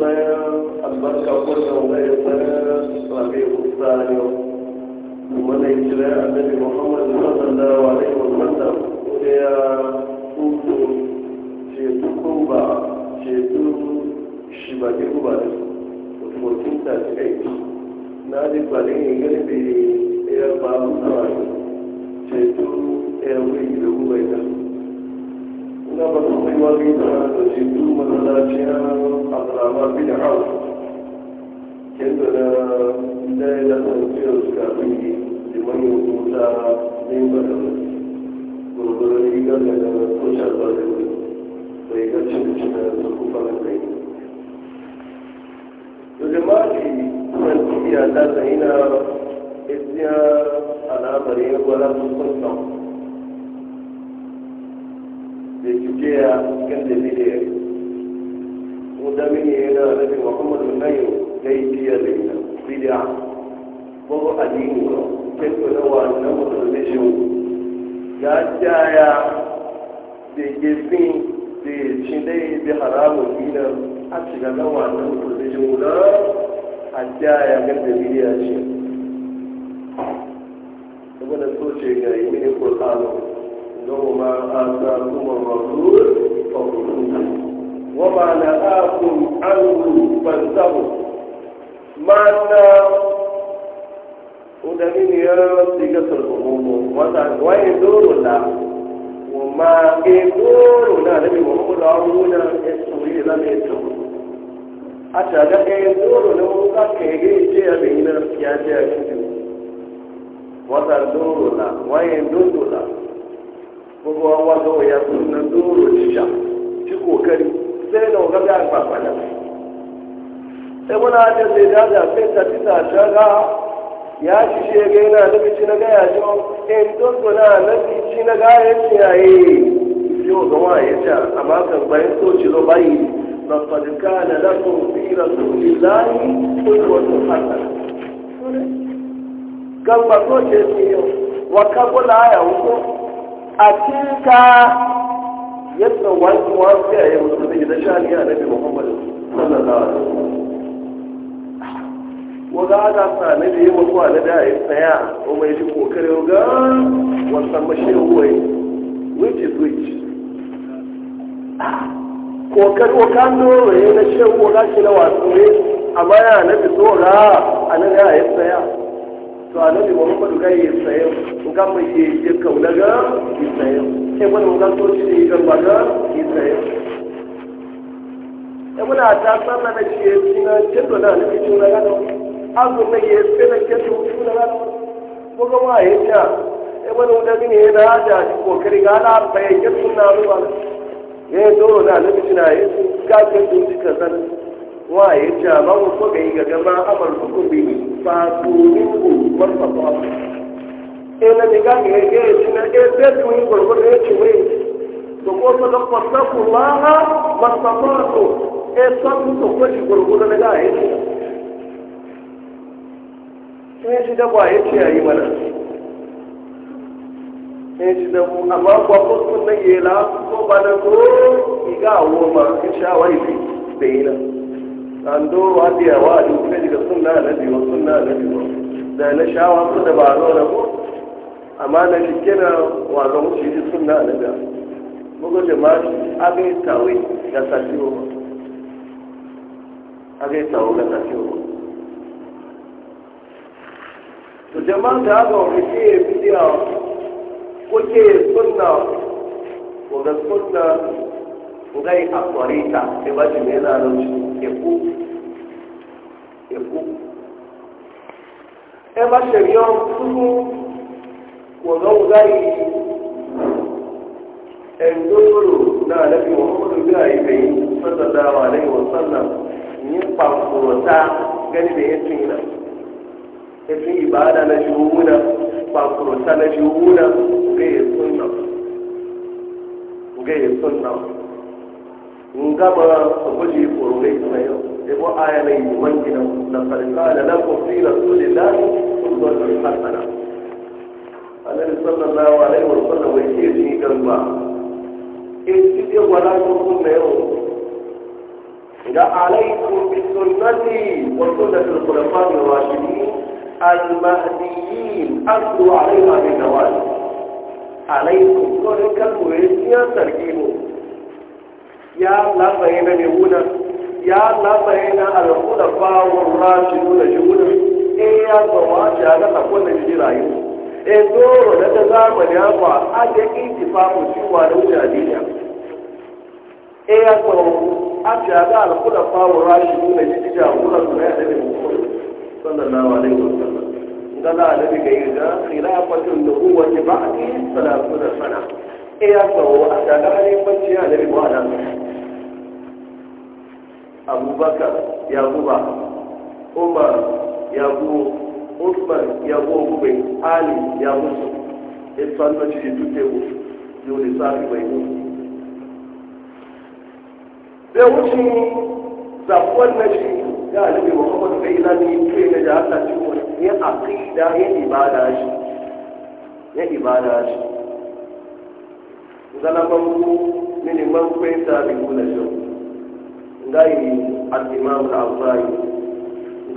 o albarka wannan wayar O islami O mana yi cire annabi muhammad sallallahu alaihi wa sallam da ya tutu cetu kumba cetu o ba O kuma da mutum ta ci kai na ji kwalin yin garbe ya ba mu cetu o wuri da kuma نبر الطوالين تجدوا من ذاتها أقرام بالعرض كذا ليلة فيروس كامل لمن يقول من بدر وربنا يقال لنا كشر بدر ويقال شمسنا سقوفا لديه وجماعتي من هي da jujiya kan da miliya ko da miliya na nabi muhammadu nayo da ibiya da ina bidiya ko addini ko kai ko na wa na musulmi shi ya jaya da gefin da cinai da haramun ina a shiga na wa na musulmi shi na a jaya kan da miliya shi saboda so ce ga yi mini kurkanu وما آتاكم الرسول فخذوه وما نهاكم عنه فانتهوا معنى ودليل يا صيغة العموم وين دورنا وما دورنا نبي محمد عمونا السوري لم يتوب أشهد أن دورنا وكاكي جاء بينا يا جاكي وتدورنا وين دورنا gbogbo wa wá lọ́wọ́ ya tó na lóòrò ṣíṣà tí kò kẹ́rì sẹ́yìn náà ọ̀gá bí àgbà padà. ẹgbọ́n náà jẹ́ ṣe dáadáa pé tàbíta àṣàgá ya ṣiṣẹ́ ẹgbẹ́ náà lóbi tí náà yà jọ ẹ̀ńdọ́gbò náà lóbi tí náà yà ṣe àyè tí ó gbọ́n àyè jà àmọ́ àkàngbà yẹn tó ṣe lọ báyìí lọ́pàdùkà lẹ́lẹ́kùn bí ìrọ̀lẹ́ láàyè tó tó tó wà a cinka yadda wani wasu yaya yi da gida sha shani a biyu muhammad sallallahu alaihi wasallam aka sa na da yi mutuwa na da ya tsaya o mai shi kokarin ga wasan mashi ruwai which is which kokari wa kan doro ya na ruwa ga shi na wasu ne amma ya na fito ga a na da ya tsaya to annabi muhammadu ga yi sayo ga mai ke yi sayo sai wani ga to shi ne ga ba yi sayo e muna ta sanna na ce na tendo na ne ce na ga azu na ye pe na ke to na ga ko ga ma ye ta e wani da mini ne da da kokari ga na bai ke na ruwa ne doro na ne ce na ye ga ke to ka sanin wa ya ce ba mu ko ga yi ga gaba amar hukumi fa والفضائل إلى نقام يجيشنا إيبات ويقول وريتي ويجي تقول لك فاتقوا الله ما استطعتم إيصابوا تقول يقول لك نقام sun ji dabo a yace ya yi mana sun ji dabo amma kuwa kuskun na yela ko ba ko iga a woma in sha wani fi da yi na an doro hadiya wa a duk daga sunna na biyu sunna na biyu da na shawa su da ba zo na ko amma na shike na wazo musu yi sunna na da mugo da ma abin tawe da sasiyo abin tawe da sasiyo to jama'a da haka wani ke bidiya ko ke sunna ko ga sunna ko ga yi akwarita ke ba shi ne na nan shi ke ku ke ku ẹbá ṣẹ̀yọ́ túnú wọ̀lọ́wọ́ láyé ẹ̀ńdọ́rọ̀ náà lẹ́bi wọn kó lóbi àìfẹ́ yìí sọ́dọ̀dá wà lẹ́yìn wọn sọ́nà ní pàǹkùrọ̀tà gẹ́ni bẹ́ẹ̀ ẹ̀tún yìí náà ẹ̀tún ẹ̀fín ìbáadà náà ṣe owó náà pàǹkùrọ̀tà náà ṣe owó náà gẹ́yẹ̀ sọ́nà gẹ́yẹ̀ sọ́nà ngama sọ́kọ́jì ìfòrò lẹ́yìn náà yọ ẹ̀fọ́ ayà náà ìwọ̀n jìnnà nàfàlẹ́ والله حسنا النبي صلى الله عليه وسلم يجيني جنبا إن تجي ولا تكون يوم إذا عليكم بسنتي وسنة الخلفاء الراشدين المهديين أخذوا عليها بالنواجذ عليكم كل كلمة يا تركيبه يا لا بين يونا يا لا بين الخلفاء والراشدون جونا in eh, ya zama shi a gasa kwanan shi rayu e eh, doro da ta zamani haka a da iti famu ciwa da wuce adiniya e eh, ya zama a shi a ga alkuda famu rashi nuna shi jija wuran su na yadda ne mutum sallallahu alaihi wasallam gana da daga yi da khilafatun da ba a ke da sana e ya zama a shi a ga halifanci ya da ribuwa da abubakar ya zuba umar yago usman yago gube ali ya musu ifan na ciki duke ku yau ne safi mai mu da wuce zafuwan na shi ya alibi muhammadu kai ilami kai na da haka ciwon ya aqida ya ibada shi ya ibada shi zalaman ku mini man kwenta bi kula shi ngai al-imam al-azhari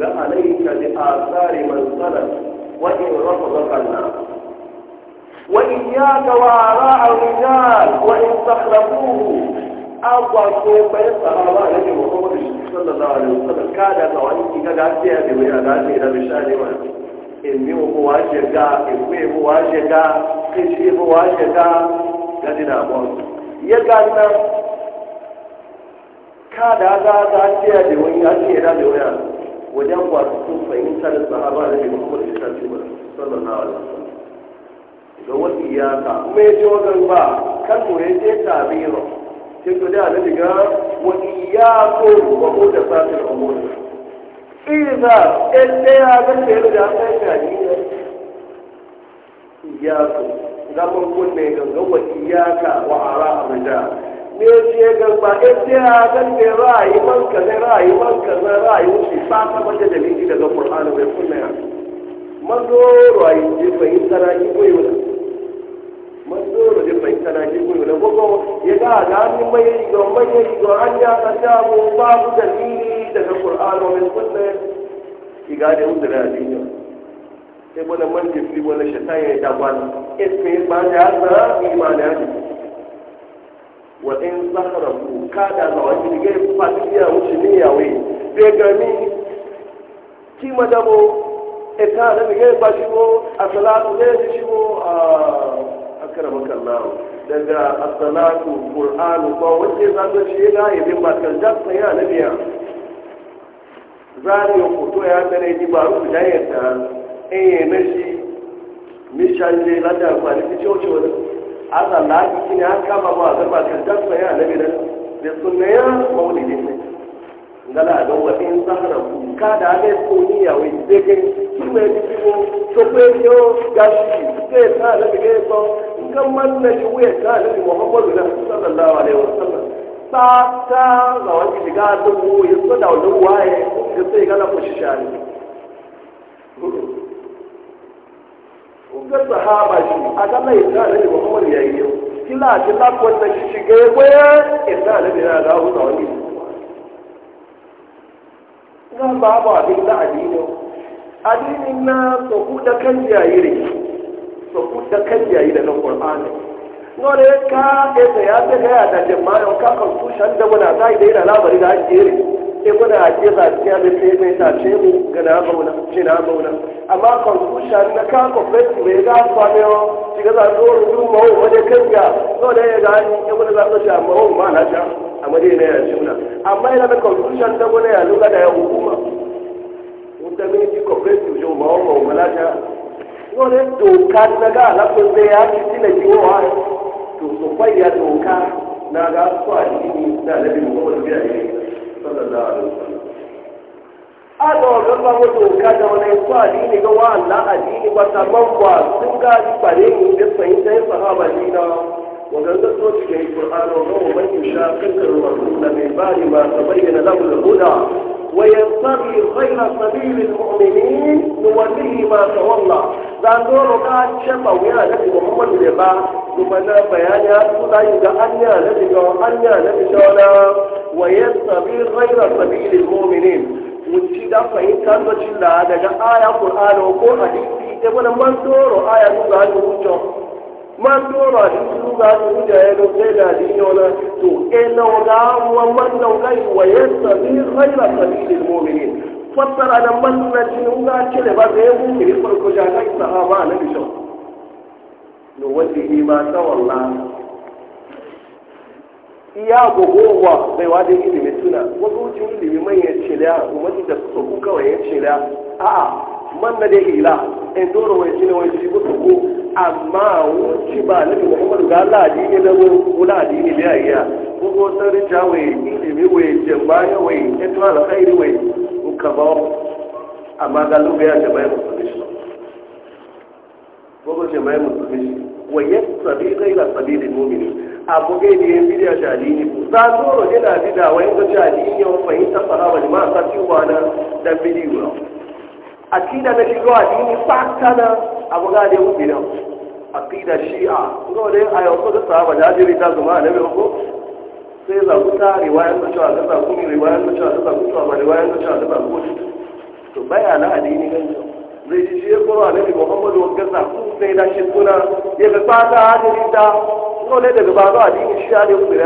عليك بآثار من ظلم وإن رفضك الناس وإياك وآراء الرجال وإن تخلفوه أفضل شيء فيسأل صلى الله عليه وسلم كان قوانينك كغاتيها بويا غاتيها بشأن ما èmi òkú wa ṣe ká èkó èkó wa ṣe ká kéṣí èkó wa ṣe ká gadi na bọ yẹ ká ná káàdà ká ká ṣe ẹdínwó yá ṣe ẹdá ẹdínwó yá. wajen wasu fahimtar sahaba da jikin kuma da shafi ba sallallahu alaihi wasallam ga wasu iyaka mai ce wajen ba kan ya ce tabiro sai to da na diga ya iyako wa ko da fasil umur iza illa ya ga sai da sai ka ni iyako ga mun kunne ga wa iyaka wa ara amda ne ce ga ba ya ga sai ra'ayi man ka ra'ayi man ka ra'ayi shi fata mazoro ayi je fahimta na ki koyi wala mazoro je fahimta na ki koyi wala gogo ya ga ni mai ga mai ga an ya ka ta mu babu dalili daga qur'ani min sunna ki ga da uzura addini sai wala man ji fi wala shaitan ya da ba sai ba da za imani wa in zahraku kada zawaki ga fatiya wuce ne yawe bai gani ki madabo ita da mi gai ba ko as-salatu gai da shigo a akrama kallahu daga as-salatu qur'anu ba wace za ta ce ga yabin ba kan da sai ya nabiya zani ko to ya tare ji ba ru da ya ta eh na shi mi shanje la da ba ni ci oce wani azan da kina ka ba ba da ba kan da sai ya nabiya da sunna ya maulidin ne ngala ga wa in sahara ku ka da ga ko ni ya we de ke ki we ni ko to pe yo ga shi ke ta da ke ko kan man na shi we ka da muhammadu sallallahu alaihi ta ga wani da ya so da wani waye na ku shi shani shi a ga lai e ta e da muhammadu yayi yau kila kila ko ta shi ga ya ya ta da ga da wani ba babu abin da adini adini na soku da kan jayire soku da kan jayire na qur'ani nore ka e da ya ta ga da jama'a ka kan su shan da wala yi da ila labari da ajire e a ake za a ya da sai mai ta ce mu ga na bauna ce na bauna amma kan su shan na ka ko fesu mai ga kwamiyo shiga za dole duma wani kan ya nore ya ga ni e kuna za ta sha mawo ma na sha a madina ya juna amma yana da constitution ta gona ya lura da ya hukuma wuta mini cooperative jo ma wa wani doka na ga alaƙon zai ya ci tina jiwowa to su kwaya doka na ga su a jini na nabi muhammadu biya ne sallallahu alaihi wasallam ana ọ̀rọ̀ tó ká jọ ọ̀nà ẹ̀kọ́ àdínì gan wà láàdínì pátá mọ́wàá tó ń gáàdì pàdé ìgbésẹ̀ yìí sẹ́yìn sàhábà yìí وقال صوتك في القرآن وهو من يشاقق الرسول من بعد ما تبين له الهدى ويتبع غير سبيل المؤمنين نوليه ما تولى dan dole ka shafa wuya da daga Muhammad da ba kuma na bayani har su da yi ga anya da daga anya da daga wala wa yastabi ghayra sabili almu'minin wuci da fahimta da cin da daga aya Qur'ani ko hadisi da wannan man dole aya su da hukunci man dora ni su ga ni da ya ga sai da ni ona to e na ga wa man da yi wa yasa ni ghayra sabilil mu'minin fassara da man na ji ni ga ce da ba zai mu kiri farko ja ga sahaba na bisho no wanda ni ma ta wallahi iya gogowa bai wa da ilimi tuna wasu ilimi manyan ciliya kuma da su kawai ya ciliya a'a man na dai ila in dole wai shi ne wai shi gusu ko amma wuci ba nabi muhammadu ga Allah addini da wula addini da yaya ko ko sarri ta wai ilimi wai jambaya wai eto alkhairi wai ka ba amma ga lugu ya jama'a musulmi shi ko ko jama'a musulmi shi wa yasabi ghayra sabili mu'minin abu gai da yin ne shadini ta tsoro yana bidawa yin ga ne yawan fahimta fara wani ma a sassi wa na dan bidiyo akida na shigo addini fata na abu ga da yau na akida shi'a ko da a yau ko da sahaba da jiri ta zuma annabi ko sai za ku ta riwayar da cewa da ku ni riwayar ta cewa ta ku ta ba riwayar da cewa da ku to bayana addini ne zai ji shi ko annabi Muhammadu wa gaza ku sai da shi suna, ya ga fata jiri ta ko ne daga ba addini a da ku ne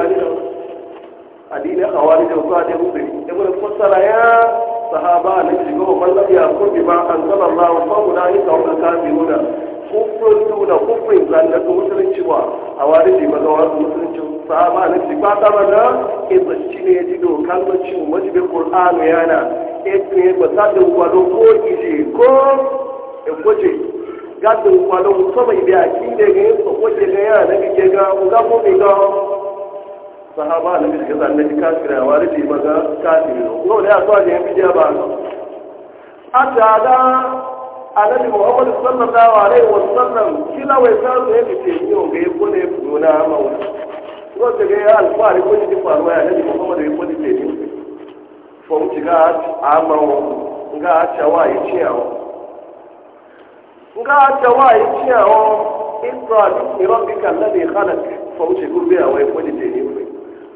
addini hawari da ku addini ku ne da ku kuma ya sahaba na shiga wa mallar a kurbi ba an zama ma wa na yi ka wani mai nuna kufin nuna kufin zanga su musulunci wa a wani ne maza wa su musulunci sahaba na shi ba ta mana shi ne ya ji dokan na cin bai Kur'anu yana ya ba sa da gwado ko ije ko gwaje gadin gwado musamman da a da ne ko tsakwaje ne yana da ga ga ga ko ga sahaba da bisa zan ne kafira wa rubi maza kafira ko ne ya tsaje ya biya ba ata da annabi Muhammad sallallahu alaihi wasallam kila wai sa su ya fice ni o ga ne ko ta ga alfari ko ji ya annabi ya kodi fo ga ga yi ciyawo ga yi ciyawo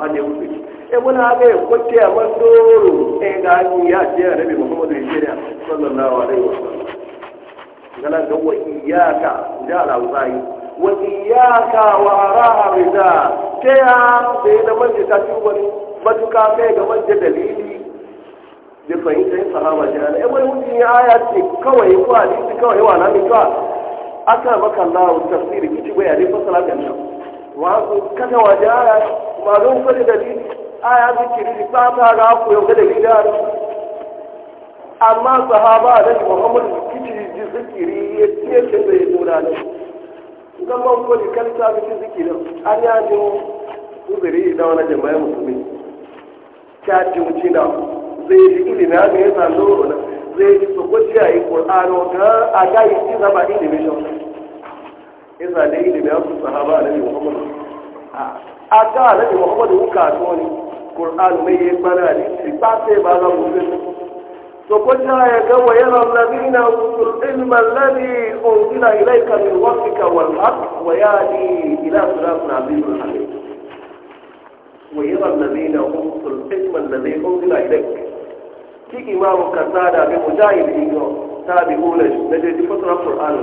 wale wuce e muna ga ya kwace a mandoro e ga ni ya ce a rabi muhammadu ya shirya sallallahu alaihi wa sallam gana ga wa iyaka da alawzai wa iyaka wa araha rida ta ya da ya zama ta tuba matuka kai ga manje dalili da fahimta ya sahaba jana e wani mutum ya aya ce kawai ko hadisi kawai wa na mi kawai aka maka Allah tafsiri kici bayani fasala da nan wa kada malum kwari da bi a ya zikiri da fata ga ku yau da gida amma sahaba da muhammad kici ji zikiri ya ce ce da ya dora ne zaman kwari kan ta bi zikirin an ya ji uzuri da wani jama'a musulmi ta ji wuce da zai ji ilimi a ga ya sando na zai ji sokoci a yi ƙur'ano ta a ga yi ji zaba ilimin shi ya zane ilimi a su sahaba da muhammad a aga anabi muhammadu wuka atoni qur'an mai yi kwana ne si ba sai ba za mu gani to ko ja ya ga wa yara alladhina utul ilma alladhi unzila ilayka min rabbika wal haqq wa yadi ila siratin azizul hakim wa yara alladhina utul ilma alladhi unzila ilayka ki imamu kasada bi mujahid ibn tabi'una da dai fasara qur'an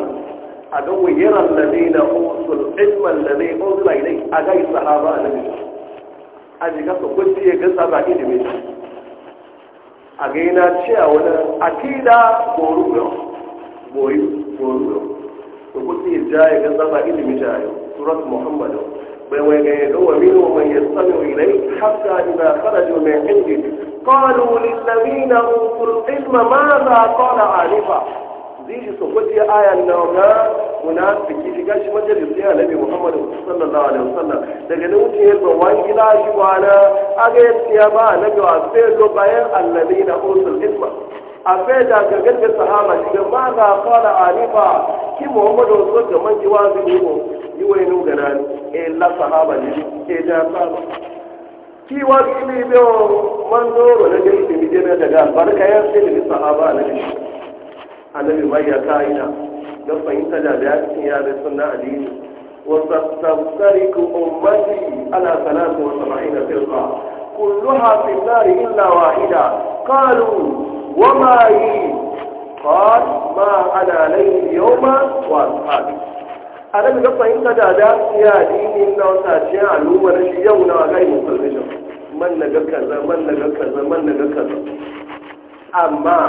a ga wayiran da ne na usul ilman da ne unzula ilai a ga sahaba a nabi a jika su kunci ya gasa ba ilimi a ga yana cewa wani akida boruwa boyu boruwa su kunci ya ja ya gasa ba ilimi jayo surat muhammadu bai wai ga yaga wa minu man yastami ilai hatta idza kharaju min indi qalu lil ladina utul ilma madha qala zai su kwace ayan na na munafiki shiga shi majalis ya alabi Muhammadu sallallahu alaihi wasallam daga nan wuce yadda wani gida shi wani aga yadda ba alabi gawa sai zo bayan allabi na usul isma a sai da gagar da sahaba shiga ma ga fara alifa ki Muhammadu wasu ga manji wazi ne mu yi wai nu ga nan eh la sahaba ne eh da sahaba ki wazi ne biyo man doro na gaishe mi je daga barka ya sai da sahaba na gaishe annabi ma ya ka'ida don fahimta da bayanin ya bai sunna alihi wa sassari ku ummati ala salatu wa sama'in firqa kulluha fi nari illa wahida qalu wa ma yi qad ma ala layli yawma wa ashabi annabi da fahimta da bayanin ya dini na wata ce al'umma na shi yau na ga yi musulmi man na ga kaza man na ga kaza man na ga kaza amma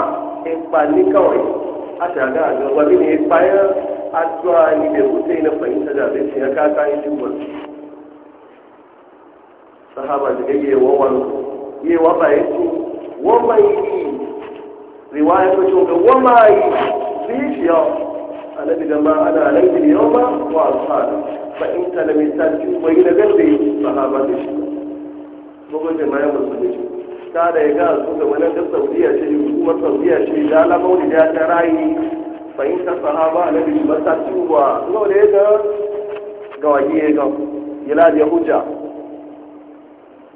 in ba ni kawai ata ga ga wani ne bayan addu'a ni da kusa na fahimta da zai ya kasa yi shi gwan sahaba da yake wawan yi wa bayan su wa mai yi riwaya ta cewa wa mai yi shi yau a annabi da ma ana nan yau yawma wa ashabu fahimta da mai sa yastaju wani ila gadi sahaba da shi bugun jama'a musulmi ta da ya ga su ga wani da saudiya ce hukumar saudiya ce da alamau da ya ta rayu fahimtar sahaba na bishi ba ta ciwa zuwa da ya ga gawagi ya ga yana da hujja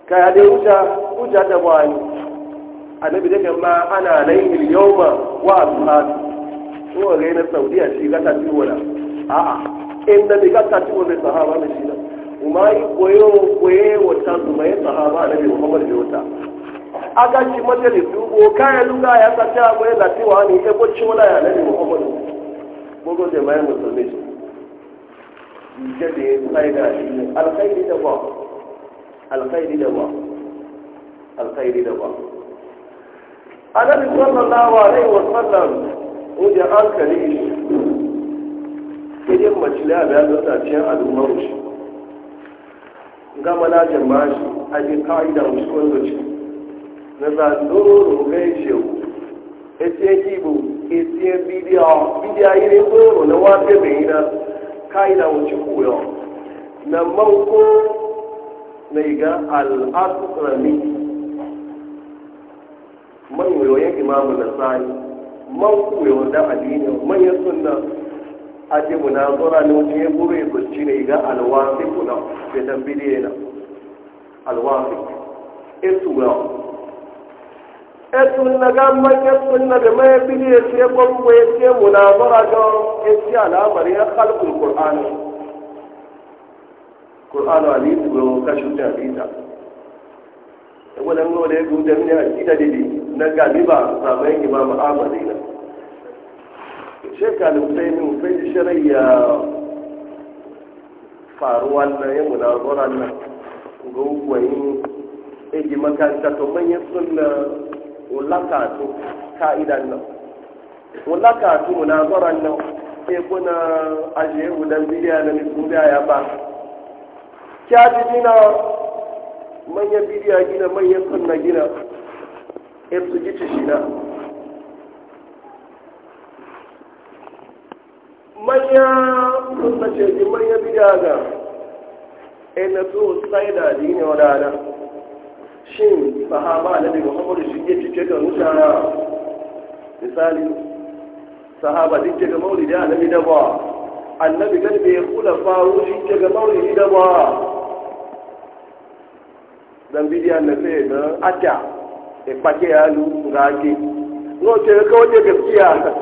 kaya dai hujja hujja da wani annabi da kan ma ana laihil yawma wa ashabi to ga na saudiya shi ga ta ciwa da a'a inda bi ga ta ciwa da sahaba ne shi da umai koyo koye wata zuma ya sahaba annabi muhammad da wata aka ci majalisi ko kaya luga ya sace a gwai wa ne ya bocci wala ya nabi muhammadu gogo da mai musulmi su ke da ya tsaye da shi ne alkhairi da ba alkhairi da ba alkhairi da ba annabi sallallahu alaihi wa sallam wajen an kare shi idan mace da ya ta ce al'ummar shi gama na jama'a shi a je ka'ida musu na zandoro gai e shehu etiye kibu etiye bidiya bidiya ire goro na wafe mai ina na wuce na mauko na iga al'asurami man yoyon imamu na sani man da adini manyan sunna aje munazara ne wuce ya goro ya kurci ne iga alwafi kuna fitan na alwafi e ẹtun naga mmanya ẹtun naga mmanya bili esi ekpọmkwụ esi emunabara dọ esi ala amari ya kalkul kur'an kur'an ali tugoro kashi ta bita wannan ya a gida na na makaranta manyan wula kaatu ka'idan nan wula na munazaran nan ke kuna ajiye wudan bidiya na misun ya ba kya ji jina manyan bidiya gina manyan na gina su ji ci shina manyan sunna ce ji manyan bidiya ga ina so sai da dini wadana shin sahaba na daga muhammadu shi ya cike ga mutara misali sahaba duk daga da alami da ba annabi da ya kula faru shi daga maulidi da ba dan bidiyan na sai na aka e pake ya lu ngaki no ce ka waje gaskiya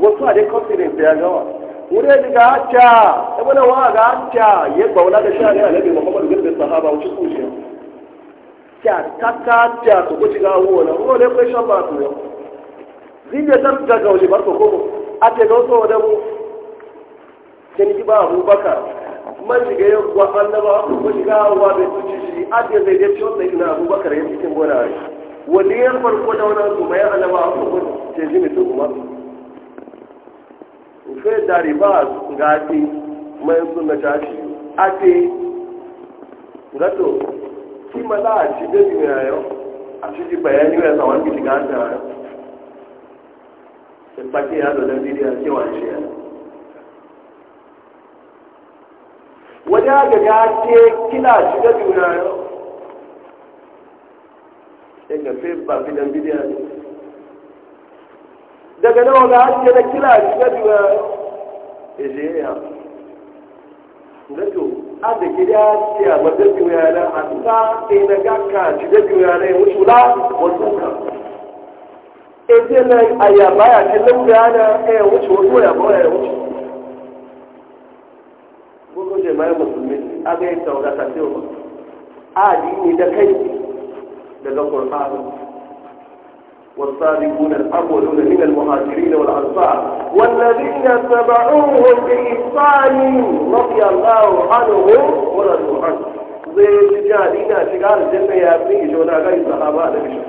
wasu a dai confidence ya gawa wurin daga ya ibn wa ga ata ya baula da shari'a annabi muhammadu gaskiya sahaba wuce kushe kyakaka ta su guji ga wona wone kai shan ba su yau zinde tar da gauli bar ko ko a te ga so da mu kin ki ba abubakar man shiga yau wa annaba ku guji ga wa be tuci shi a te zai je ciwon sai na abubakar yin cikin gona ne wani yan farko da wannan su mai annaba ku guji ce jimi su kuma fe dari ba ga ti mai sunna tashi a te gato kí mo láà ti débi rìn àyọ àti ti bẹ̀rẹ̀ ní ẹ̀sán wọn kìí ká ṣe àyọ. ìpàkì ìyàtọ̀ lẹ́bí rí àti wà ń ṣe àyọ. wọ́n yá gẹ̀gẹ́ á dé kí láà ti débi rìn àyọ. ẹgbẹ́ fẹ́ bàbí daga nawa kila ya ya ada gida ce a ba dabi yana a ta ke na gaka ci dabi yana ya wuce la wasu ka ebe na aya baya ce lauda yana ya e, wuce wasu ya ba ya wuce gudu mai musulmi aga yi taurata ce wa a da kai daga kurfanu والصادقون الأولون من المهاجرين والأنصار والذين تبعوهم بإحسان رضي الله عنهم ورضوا عنه زي جالينا شغال جنة يا ابني جونا غير صحابة نبي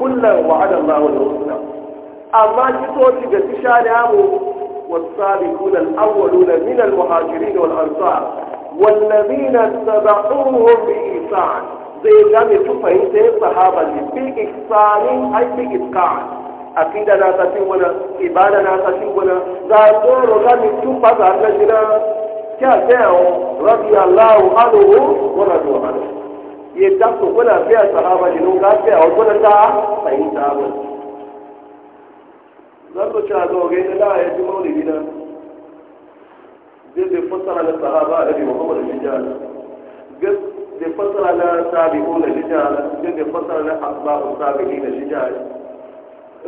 كل وعد الله الحسنى أما جتو شغال تشالي والصادقون الأولون من المهاجرين والأنصار والذين تبعوهم بإحسان zai ga mai tu fahimta sahaba ne ai bi itqan akida na ta tin wala ibada na ta tin wala ga mai o rabbi Allah anhu wa radu anhu ye da ko sahaba ne ga a o wala ta fahimta ba zan ko ga ina ya ji maulidi na zai zai fassara da sahaba da Muhammad bin Jabir da fasara na sabi'u na shijara da fasara na asba'u sabi'i na shijara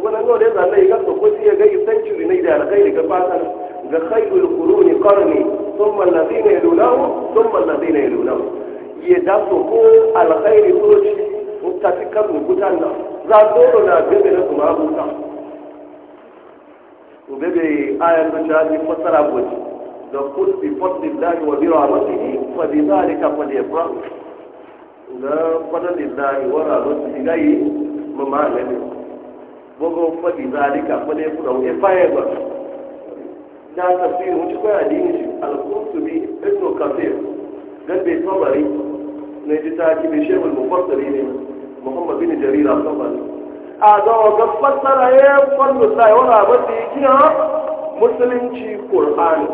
wannan gaude zanne ga ko ya ga century ne da alkhairi ga fatan ga khairul quruni qarni thumma alladhina yalunahu thumma alladhina yalunahu ya da so ko alkhairi soci mutafi kan rubutan nan za dole na gabe na kuma rubuta ubebe ayan da ta fasara goji نقول بفضل الله وبرحمته فبذلك فليفرح فضل الله ورحمته غي مما لم بغو فبذلك فليفرح إفايبا na tafsirin wuce kwa addini shi al-qurtubi ibn kafir dan bai tabari ne ji ta ki bi shebul mufassiri ne muhammad bin jarir al-tabari a ga ga fassara ya fallu sai wala ba ti kiya musulunci qur'ani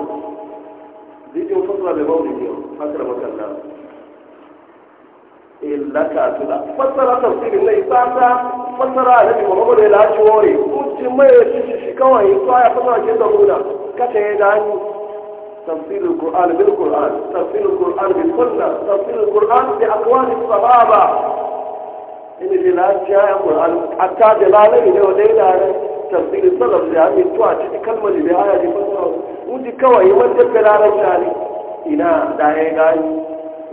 video fasara mai maulidi yau fasara makalla illa ka tuna fasara tafsirin na isasa fasara a nabi muhammadu ya laci wore kuci mai shi shi kawai ya ya fasara ke da muna kata ya dani تفسير القرآن بالقرآن تفسير القرآن بالسنة تفسير القرآن بأقوال الصحابة إن جلال جاء القرآن حتى جلاله إنه دينا تفسير السلف لأن يتوى كلمة لبهاية فسره wuce kawai wanda firarar shari ina da ya gani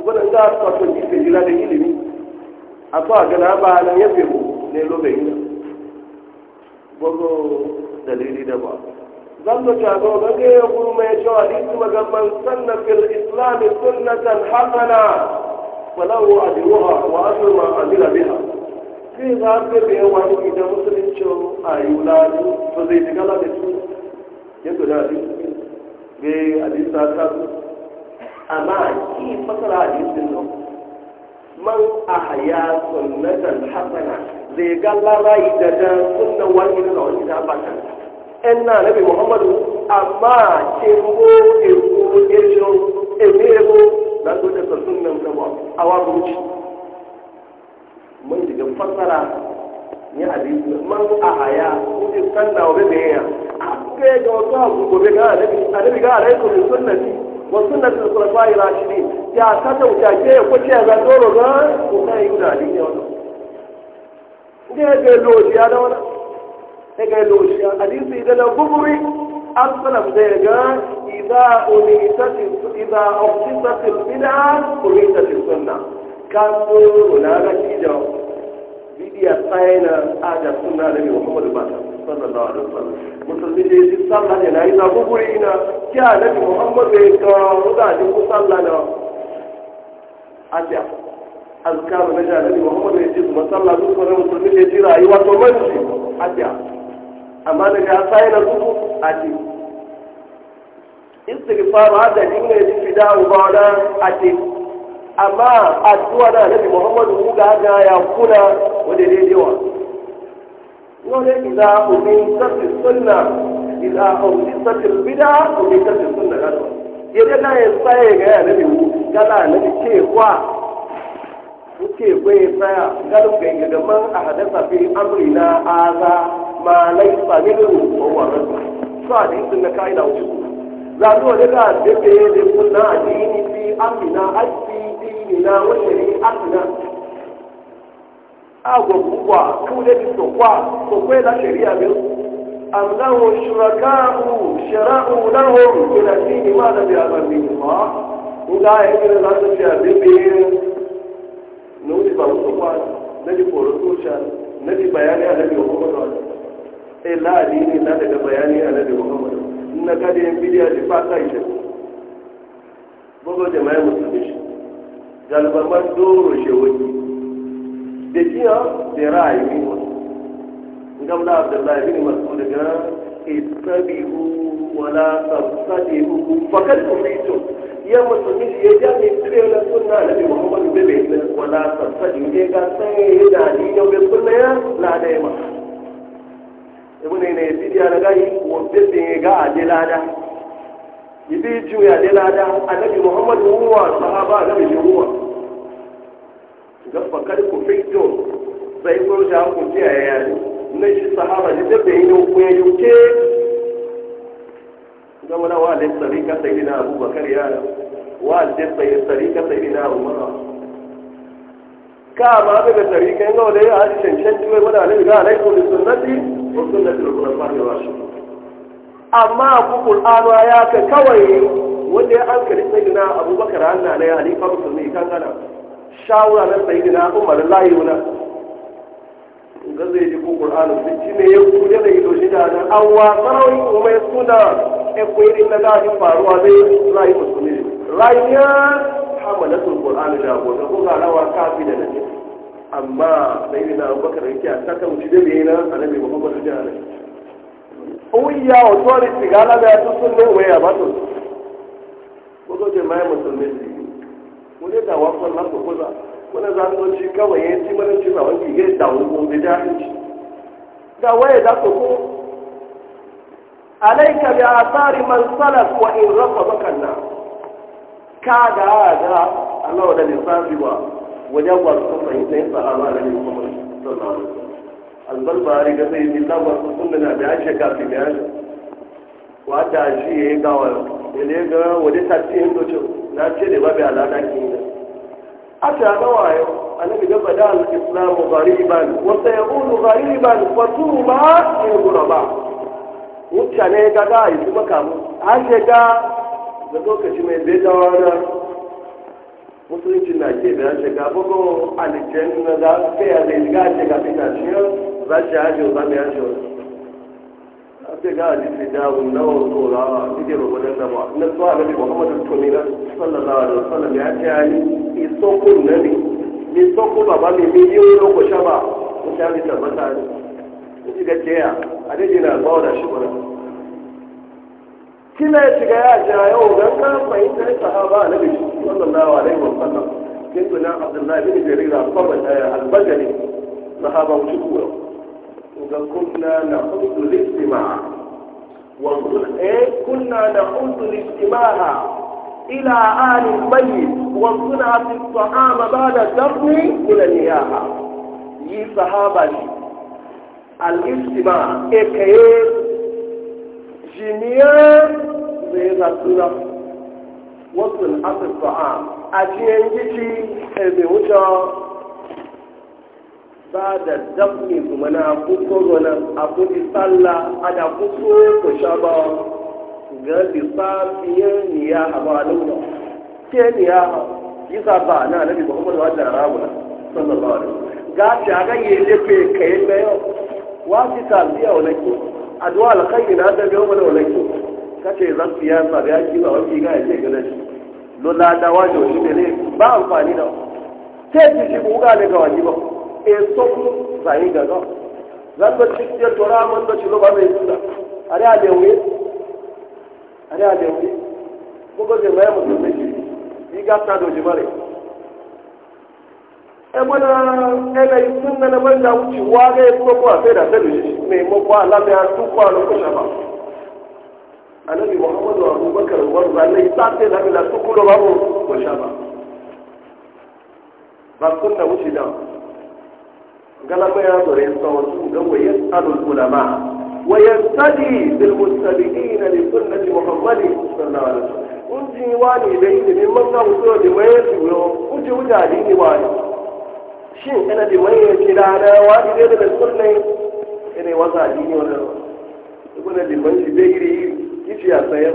wadda za a kwato jife jila da ilimi a to a gana ba na ya fi mu ne lobe ina gogo dalili da ba zan da shago ga ya kuru mai cewa hadisi magamman sannan fil islami sunnatan hasana falahu ajruha wa ajru ma amila biya. zai za ka bai wani idan musulunci a yi wulani to zai shiga su yadda da hadisi pé àdìsí aṣáájú amma àti ìfọ́sára àdìsí lọ man àhàyà sunnatan hasana zai ga larayi da da sunna wani da wani da bata muhammadu amma àti ìfọ́ èkó èso èmi èkó lásìkò tẹsà sunna ń àwọn àbúrúkú mun diga fasara àdìsí man àhàyà kai da wasu hagu gobe ga annabi ga alaikum bi sunnati wa sunnati al-khulafa'i rashidin ya ka tauta ke ko ce ga doro ga ko kai da ali ne wannan ne ga lojiya da wannan ne ga lojiya hadisi da al-bukhari aslam da ga idza umitat idza uqtisat bida umitat as kan doro na ga kijo bidiya tsayina a da kuma da Muhammadu sallallahu alaihi wasallam musulmi da yi sallah ne na yi zabu ina ki annabi muhammad ku na asiya azkaru na muhammad kuma duk wani musulmi da rayuwa to asiya amma sai na a istighfar hada din ne amma addu'a annabi muhammad ku ga ga ya kula wa dole idza umisat sunna idza umisat bid'a umisat sunna gado yadda na ya tsaye ga ya nabi wu kana nabi cewa muke gwaye tsaya gado ga gagaman a hadasa fi amrina ka ma laifa minhu wa huwa rasul so a din sunna kaida wuce za zuwa daga da ke da sunna addini fi amrina aiki agwa kubwa kule kwa kwa kwenda sheria bila am lahum shurakau sharau lahum min ad-din ma lam ya'lamu Allah ulai kila lazima ya bibi nuri ba kwa naji korosha naji bayani annabi Muhammad ila dini na daga bayani annabi Muhammad na kada yin ya ji fata ita gogo jama'a musulmi galbaman doro shewaki da kiyo da ra'ayi ngam da abdullahi bin mas'ud ga ittabihu wa la tabtadihu faqad umitu ya musulmi ya ja ne tire na sunna nabi muhammad bebe wa la tabtadihu ne ga sai ya da ni ne ga sunna ya la da ya ma ibn ne ya bidiya na gai wa bebe ga a adilada ibi ju ya adilada annabi muhammadu huwa sahaba ga bi huwa ga fakar ku fito sai kun sha ku ce a yayi na shi sahaba ne da bai yi ku ya yuke ga wala wa da tsari ka sai na Abu Bakar ya wa sai tsari ka sai na Umar ka ma daga tsari kan ga wala ya cancanci wai wala ne ga alaikum bi sunnati wa sunnati al-khulafa'i ar-rashidin amma ku qur'anu ya ka kawai wanda ya an kari sai na Abu Bakar Allah ne halifa ne kan kana shawura na sayi na umar layuna ga zai ji ko su ci ne ya kuje da ido shi da nan an wasa rauni kuma ya suna e koyi na da shi faruwa zai rayu musulmi rayuwa sun qur'an da abuwa ko ga rawa kafi da nake amma sai na abubakar yake a saka mutu da na annabi muhammad da alaihi uwiya wa tori sigala da su ne waya ba to ko je mai musulmi wani da wakon na ko kuza wani zanonci kawai ya ci mana ci zawon ki gai da hukun bi jahilci da waye za ku ko alaika bi asari man salaf wa in rafa bakanna ka da da Allah da lissafi wa wajen wasu sun fahimtai sahaba da ne kuma sallallahu alaihi wasallam albarbari ga sai ni labar sunna da ya shaka fi bayani wata shi ya yi gawa ile ga wani tafi yin na ce da babu alada ke yi a ta gawa yau annabi ga bada al-islamu ghariban wa sayqulu ghariban fa yi in ghuraba mutane ga ga yi kuma kamu a ce ga da lokaci mai bai da wani musulunci na ke da ce ga bugu alijan na za su kai a zai ga ce ga fitaciyar za shi hajji ba mu yi daga hadisi dawun na wasora dike ba wajen da ba na tsawa nabi muhammadu tumina sallallahu alaihi wasallam ya ce ya yi isokun na ne isokun baba mai mai yi wani ko shaba ko sha bi tabbata ne kuji ga ce ya a dade na bawa da shi wani kina ya shiga ya ji yau dan ka fahimta sahaba annabi sallallahu alaihi wasallam kin tuna abdullahi bin jarir al-qabri al-bajali sahaba shi kuwa Nga kunna na hudu listima wanzur eh kunna na hudu listimaha ila alin bayi wanzuna fi ta'ama ba da darni ila niyaha yi sahaba shi al-istima ekaye jiniya zai zasura wasu al'asir ta'am a cikin gici ebe wuce bada dafni kuma na akutoro na tsalla a da kutu ko shaba ga bi safiyan niya abaluwa ke niya yisa ba na nabi muhammad wa da na sallallahu alaihi ga ga a ganye ne ke kai mayo wa ti ta biya a adwa alkhairi na da biya wala walaki kace zan biya sa ga yaki ba wani ga ce ga shi lola da wajen shi ne ba amfani da sai ki shi ga wani ba. e toku zai ga no zan ba ci ce tora mun da ci loba bai tunda are a da wuye are a da wuye ko ga da mai mutum ne yi ga ta do jimare e mana ele sunna na banda wuci wa ga ko ko a sai da sai mai mo ko Allah ya tu ko a lokacin ba annabi muhammadu abubakar wanda ne sai da la tu ko ba ko shaba ba sunna wuci da galaba ya zo tsawon sawatu ga wayan alul ulama ويستدي بالمستبقين لسنة محمد صلى الله عليه وسلم unji wani da yi ne man ga mutuwa da mai ya tuyo unji wuce da yi wani shin ina da mai ya ce rana wani ne daga sunnai ina wasa da yi wani da man shi bai iri kici a sayar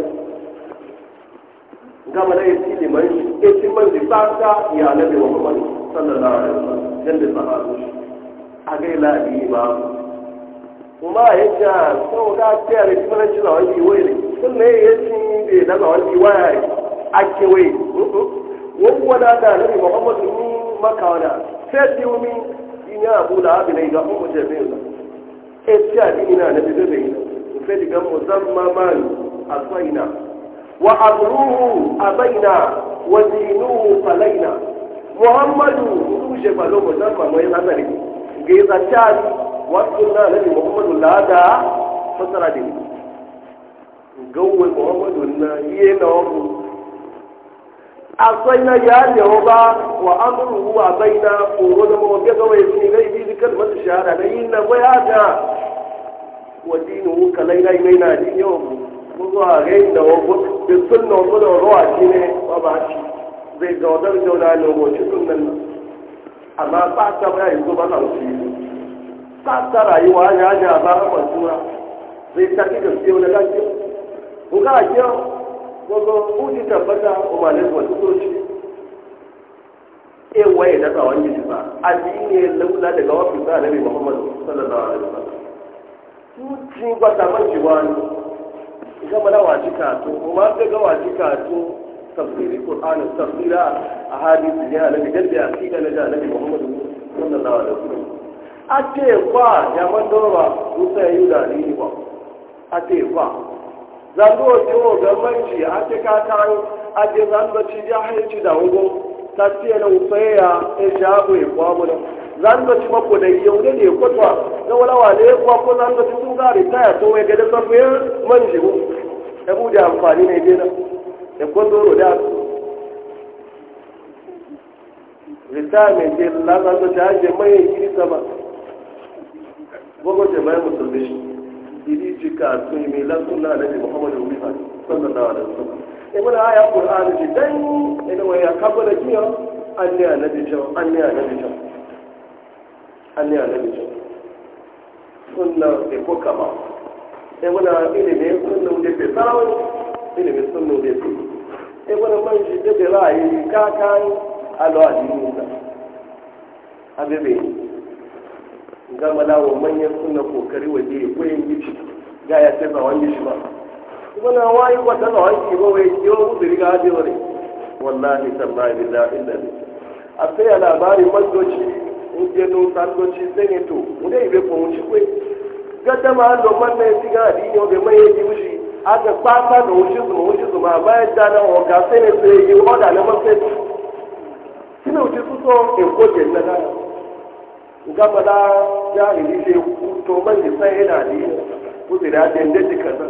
gama da yake liman shi ya ci man da fata ya nabi muhammad sallallahu alaihi wasallam dan da sahabu shi agaghịla adịghị ma ahụ mgbe a echi a sọ ga atị ya n'etiti mana chila ọjị iwe ri sọ na eyi echi ndị na na ọjị iwe ya akewe wọ́n wọ́n náà dáa lórí muhammadu ní makawana fẹ́ẹ́ tí omi ìní àbúlà ábìlẹ̀ ìgbà fún mọ̀jẹ̀ mi lọ etí àdínì náà ga yi zancen wasu na nabi muhammadu lada fasara da yi gawar muhammadu na iye na wabu a tsaina ya yawa ba wa amuru huwa bai na koro da mawafiya ga wai sun gai biyu kan masu shahada na yi na waya da wa dinu kalai na yi mai na jin yawan mu zuwa gai da wabu da sun na wabu da rawa shi ne ba ba shi zai gaudar gauna ne wa shi sun nan amma ba ta ba yi zuba na wuce ta ta rayuwa ya ji a bara kwantura zai ta ki gaske wani lafiya ko ka ake gogo uji tabbata umarnin wasu soci e waye na tsawon gidi ba addini ne lula daga wafi sa nabi muhammadu sallallahu alaihi wasallam tuci ba ta manci wani gama na waci kato kuma ga waci kato tafsiri qur'anin tafsira a hadisi ne annabi gadda muhammadu sallallahu alaihi wasallam a ce kwa ya man dora musa yi da ba a ce kwa zango ce o ga manci a ce ka kai a ce zango ci ya hayi da wugo ta ce na usaya e shago e kwa mu zango ci mako da yau ne ne kwatwa na wala wale kwa ko zango ci sun ga ritaya to ya ga da sabuwar manji mu da mu da amfani ne dai ekotoro da vitamin ce lalata ta ake mai yi sama gwamnati mai musulmi idi cika su lasuna na bi muhammadu rufa sallallahu alaihi wasallam ibn e, aya qur'an ji dan ina e, waya kabula kiyo anni annabi jo ne e wani man ji daga ra'ayi ka kan alawa dini sa abebe ga malawa manyan suna kokari waje ya koyan ga ya ce zawon gici na wayi wata zawon ki ba wai yau mutu riga ajewa ne wallahi tallahi billahi a sai a labarin mandoci in je nun sandoci sai ne to mu dai bai ko mu ma na aka kpata da wuce zuma wuce zuma ya da nan wa sai ne sai yi oda na shi ne wuce su so in ko e ke e na da ga bala ya ri ne to ban ji sai ina ne ku da den da dika da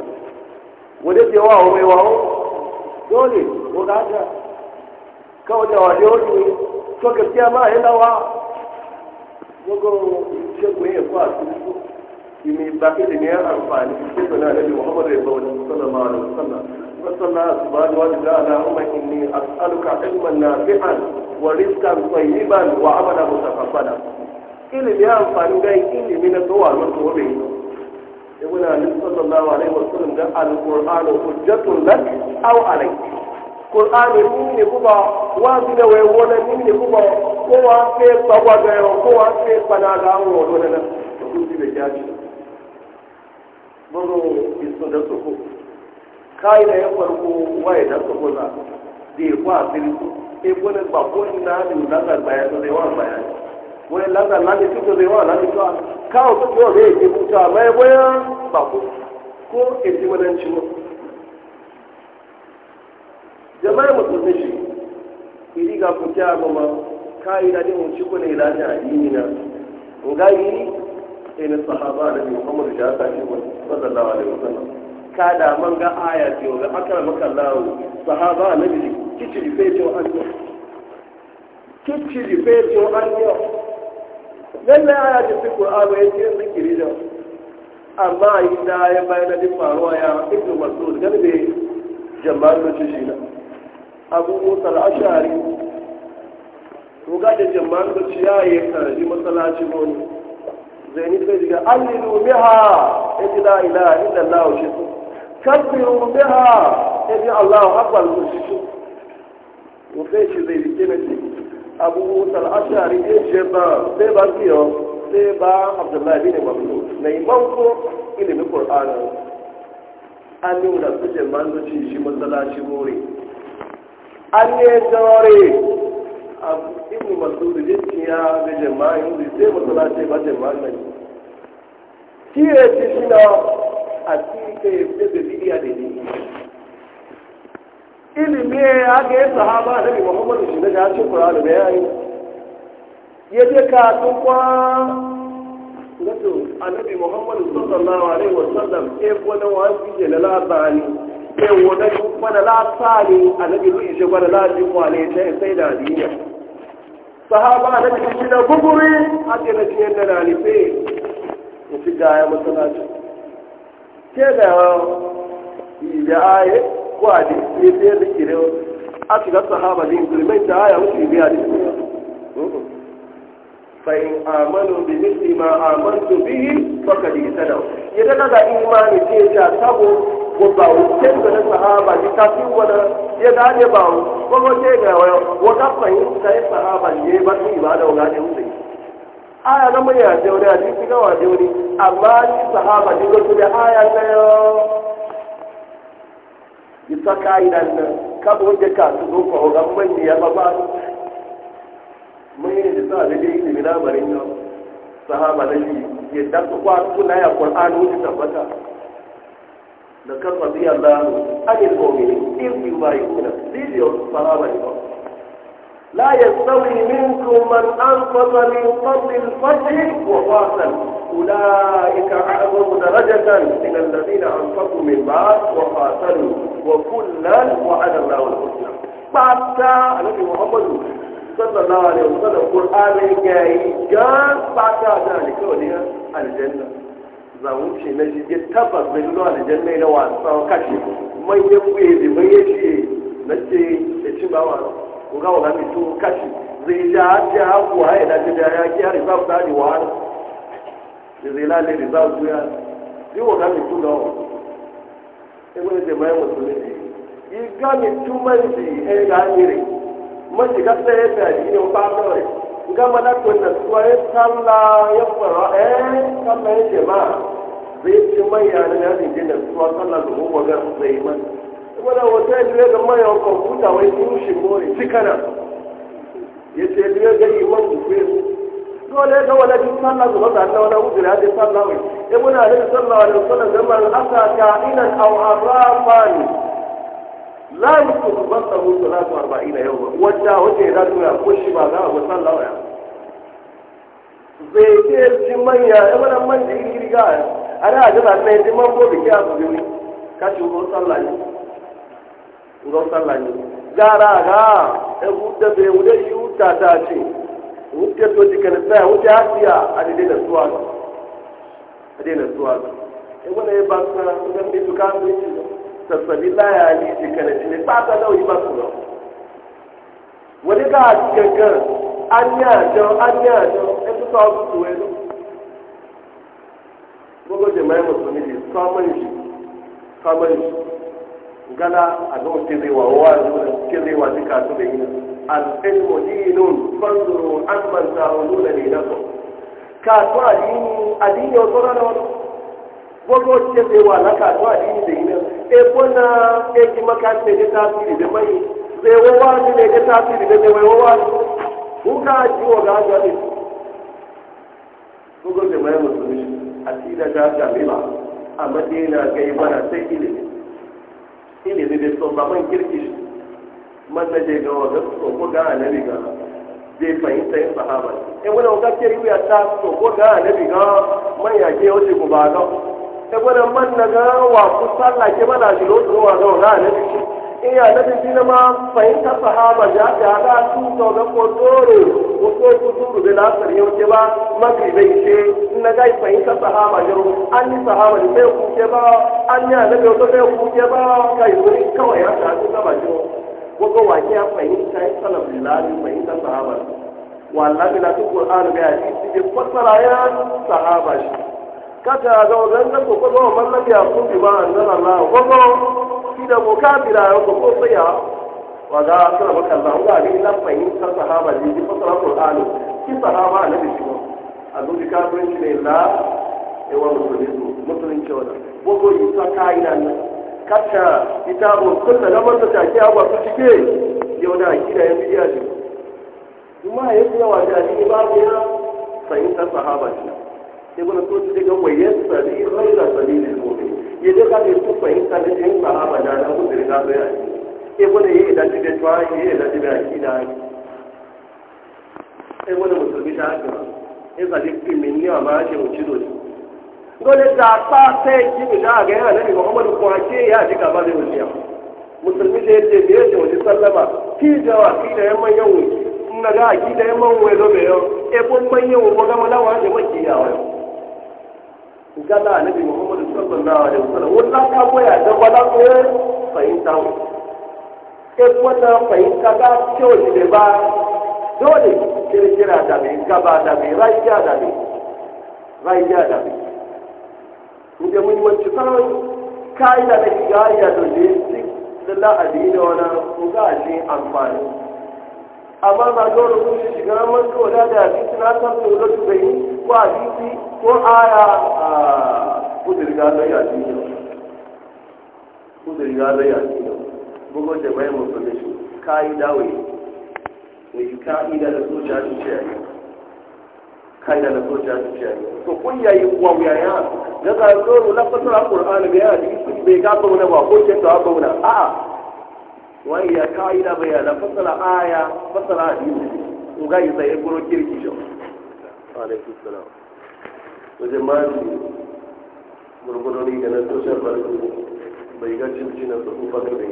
wanda ke wa mai wa dole ko ga ga kawai da wa dole to gaskiya ma yana wa gogo ce ku ne ko a su shine ba ka da niyan amfani sai da nabi Muhammad ya bawa sallallahu alaihi wasallam وصلى سبحانه وتعالى اللهم إني أسألك علما نافعا ورزقا طيبا وعملا متقبلا إلي بيا أنفاني جاي إلي من الدواء المطلوبين يقول النبي صلى الله عليه وسلم قال القرآن حجة لك أو عليك قرآن من يبقى واجد ويقول من يبقى هو كيف تبغى هو كيف بنادى هو ولا لا تقول بجاجه boro isu da soko kai da ya farko waye da soko na da ya kwa asiri su e wani gbako na ni lazar bayan da zai wa bayan wani lazar lati tuto zai wa lati a kawo su kyau zai ke mutuwa mai e bayan gbako ko ke esi wani ciwo jama'a e musulmi shi iri ga kuke a goma kai da ne mun ci kuna ilajin addini na ngai ne sahaba da muhammad da ta ce sallallahu alaihi wasallam da man ga aya ce wa akara maka lawo sahaba na bi kici fe ce an yo kici fe ce an yo lalle aya ce fi qur'ani ya ce zikiri da amma inda ya bayyana da faruwa ya ibnu mas'ud garbe jama'ar da shi na abu musa al-ashari to ga da jama'ar da ciyaye ya yi karbi masallaci gona زين فيجي عللوا بها إذ لا إله إلا الله وشكو كبروا بها إذ الله أكبر وشكو وفيش زي الكلمة أبو موسى الأشعري إجبا إيه سيبا كيو سيبا عبد الله بن مسعود نيمانكو إلى القرآن an nuna su jaman zuci shi matsalaci wuri an ne tsore ibn masud gaskiya ga jama'i ne sai masala ce ba jama'i ne shi ya ce shi na a cikin ya fi da bidiya da ni ilimi ya ga ya sahaba da muhammadu shi daga cikin qur'ani bayani ya je ka tun kwa gato annabi muhammadu sallallahu alaihi wasallam e wani wani ke lalabani e wani kuma da lasari annabi zai ishe gwada lajin wane sai da duniya sahaba na cikin na guguri ke na cikin da lalife in ci gaya masalaci ke da ya aye ko a da ke sayar da kire a shiga sahaba da implement ta aya musu biya da su fa'in amanu bi misli ma amantu bihi faqad ihtadaw yadda daga imani ce ta sabo wo bawo kendo na sahaba ni kafin wada ya gane bawo kuma ce ga wayo wata fahimta ya sahaba ne ba su ibada wa gane wuce aya na mai yaje wani a cikin gawa je wani amma ni sahaba ni ga su aya na yo isa ka'ida nan kabo wanda ka su zo ko ga manni ya baba mun yi da sa da dai ilimi na sahaba suna ya tabbata لقد رضي الله عن المؤمنين إذ يبايعونك فيديو صحابة لا يستوي منكم من أنفق من فضل الفجر وقاتل أولئك أعظم درجة من الذين أنفقوا من بعد وقاتلوا وكلا وعد الله الحسنى بعد النبي محمد صلى الله عليه وسلم قرآن الكريم جاء بعد ذلك ولي الجنة zamu na jirgin tabbas da zuwa da jannai na wasa kashi manyan kuye da manyan shi na ce da cin ba wa ga wa gami to kashi zai ja hajji ja haku ha ya dace da ya ki har za ku ne wa har da zai lalai da za ku ya yi wa gami to ga wa sai wani da mai musulmi ne yi gami tumanci ya yi ga hanyar mai shiga sai ya fi a jini ba kawai nga mana na suwa ya tsalla ya fara eh salla ya jama'a zai ce mai ya na zai je da suwa tsalla da mu wagar zai man wala wata ya dole ga mai wa kwamfuta wai sun shi more cikana ya ce dole ga iman bufe dole ga wala duk tsalla zuwa da ta wala uzuri ya tsalla mai ya muna da salla wa da salla zaman asaka inan aw arafan la yusufu basahu salatu arba'ina yawma wata wata ya zuwa ko ba a wasan lawaya zai ce manya ya mana man da iri riga a ana a jana sai jin man ko biki a su biyu ka ci ruwan sallah ne ruwan sallah ne ga ya buɗe bai wuce shi wuta ta ce a ya sọ̀sọ̀lí láyà ní ìdíkẹ̀lẹ̀ ní pátá náà yìí bá sọ̀rọ̀ wọ́n ní káà gẹ̀gàn á ní àjọ á gbogbo jẹ̀mọ́ ẹ̀ di kọ́mọ̀nì gana àdóhùn kéré wà wọ́n àdóhùn kéré wà ní al lè yín àtẹnumọ̀ yìí nù fọ́nrù àtúmọ̀ntà olúlẹ̀ nìyẹn náà kàtó àdínyìn àdínyìn ọ̀tọ́ gbogbo ṣe ṣe wà lákàtọ́ àdínní lèyìn náà epo náà makasi ne ta fi lè mọ yìí lè wá sí lè ta fi lè lè wọ́n wá ní nǹkan àti wọ̀ gà jọ lè gbogbo lè mọ tó ní àti ìdájọ́ àgbà mímà àmọ́dé náà gẹ̀ yìí bọ́dà sẹ́ ilẹ̀ ilẹ̀ lè lè sọ bàbá ń kiri kiri mọ́tẹ́jẹ̀ gan ọ̀dọ́ sọ̀kọ́ gà gan zai fahimta in wani wakar ce yi wuya ta sọ̀kọ́ gà gan manya ó ti kò bàá ebona man na ga wa ku sallah ke mana shi lo wa ga na ne in ya da bi na ma fahimta sahaba ja ta ga su to ga ko dore ko ko ku duru da lasar yau ke ba magribai ce na ga fahimta sahaba jaro an ni sahaba ne sai ku ke ba an ya da to sai ku ke ba kai ku kawai ya ta su ba ko ko wa ke fahimta sallallahu alaihi wasallam fahimta sahaba wallahi la tu qur'an bi hadisi ke fasara ya sahaba shi kata ga wannan nan ko ko mallaki ya kun bi ba annan Allah ko ko kida ko kafira ko ko sai ya wa ga kana baka Allah ga ni lan fahimta sahaba ji ji fasara Qur'an ki sahaba annabi shi ko azu ka kun shi ne la e wa musulmi musulmi ce wannan ko ko yi ta kai nan kata kitabu kullu da man ta ke abu su cike yau da kida ya biya shi kuma yayi yawa da ni babu ya ta sahaba shi ibn Sud ce ga wayar sari ghaira sabilil mu'min yaje ka ne ku fahimta da yan sahaba da na ku da zai yi ibn yi da tibe tuwa yi da tibe akida ibn musulmi da haka ya sadi kimin ne amma ake wuce dole dole da ta sai kimi da ga yana ne Muhammad ko ake ya ji gaba da wuce musulmi da yake biye da wani sallama ki da wa ki da yan manyan wuce in na ga ki da yan manyan wuce zo bayan ebon manyan wuce ga malawa da makiyawa gala annabi muhammadu sallallahu alaihi wasallam wannan ka koya da wala ko fahimta mu ke wannan fahimta ga cewa ne ba dole kirkira da mai gaba da mai rajiya da mai rajiya da mai inda mun yi wacce sanar ka'ida da shiga ya dole da la'adi da wani ga shi amfani amma ba dole kun shiga man kawai da ya ta tunatar da wani wa yi ko aya a kudur ga ya yaji ne kudur ga ya yaji ne bugo da mai musulmi shi kai dawe ne kai da ja su ce kai da ja su ce to kun yayi wa yaya ga ga dole na fasara qur'ani bai hadisi bai ga ba wani ba ko ke ta ba wani a wani ya kai da bai na fasara aya fasara hadisi ugai sai ya kuro kirki shi alaikum salam wajen mali gurgurori da na social value bai ga cinci na tsohon bakarai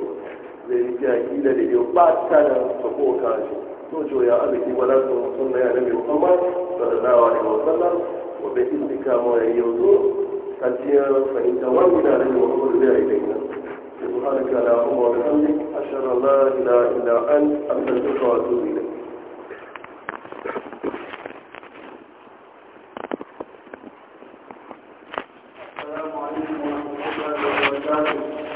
zai yi yaki da da yau ba ta da tsohon kashi sojo ya arziki wala su sun na yana mai muhammad sallallahu alaihi wasallam wa bai indika mawa yanzu kaciyar fahimta wani da alaihi muhammad zai yi da ina سبحانك لا أم وبحمدك أشهد أن لا إله إلا أنت أستغفرك وأتوب إليك عليكم ورحمة الله وبركاته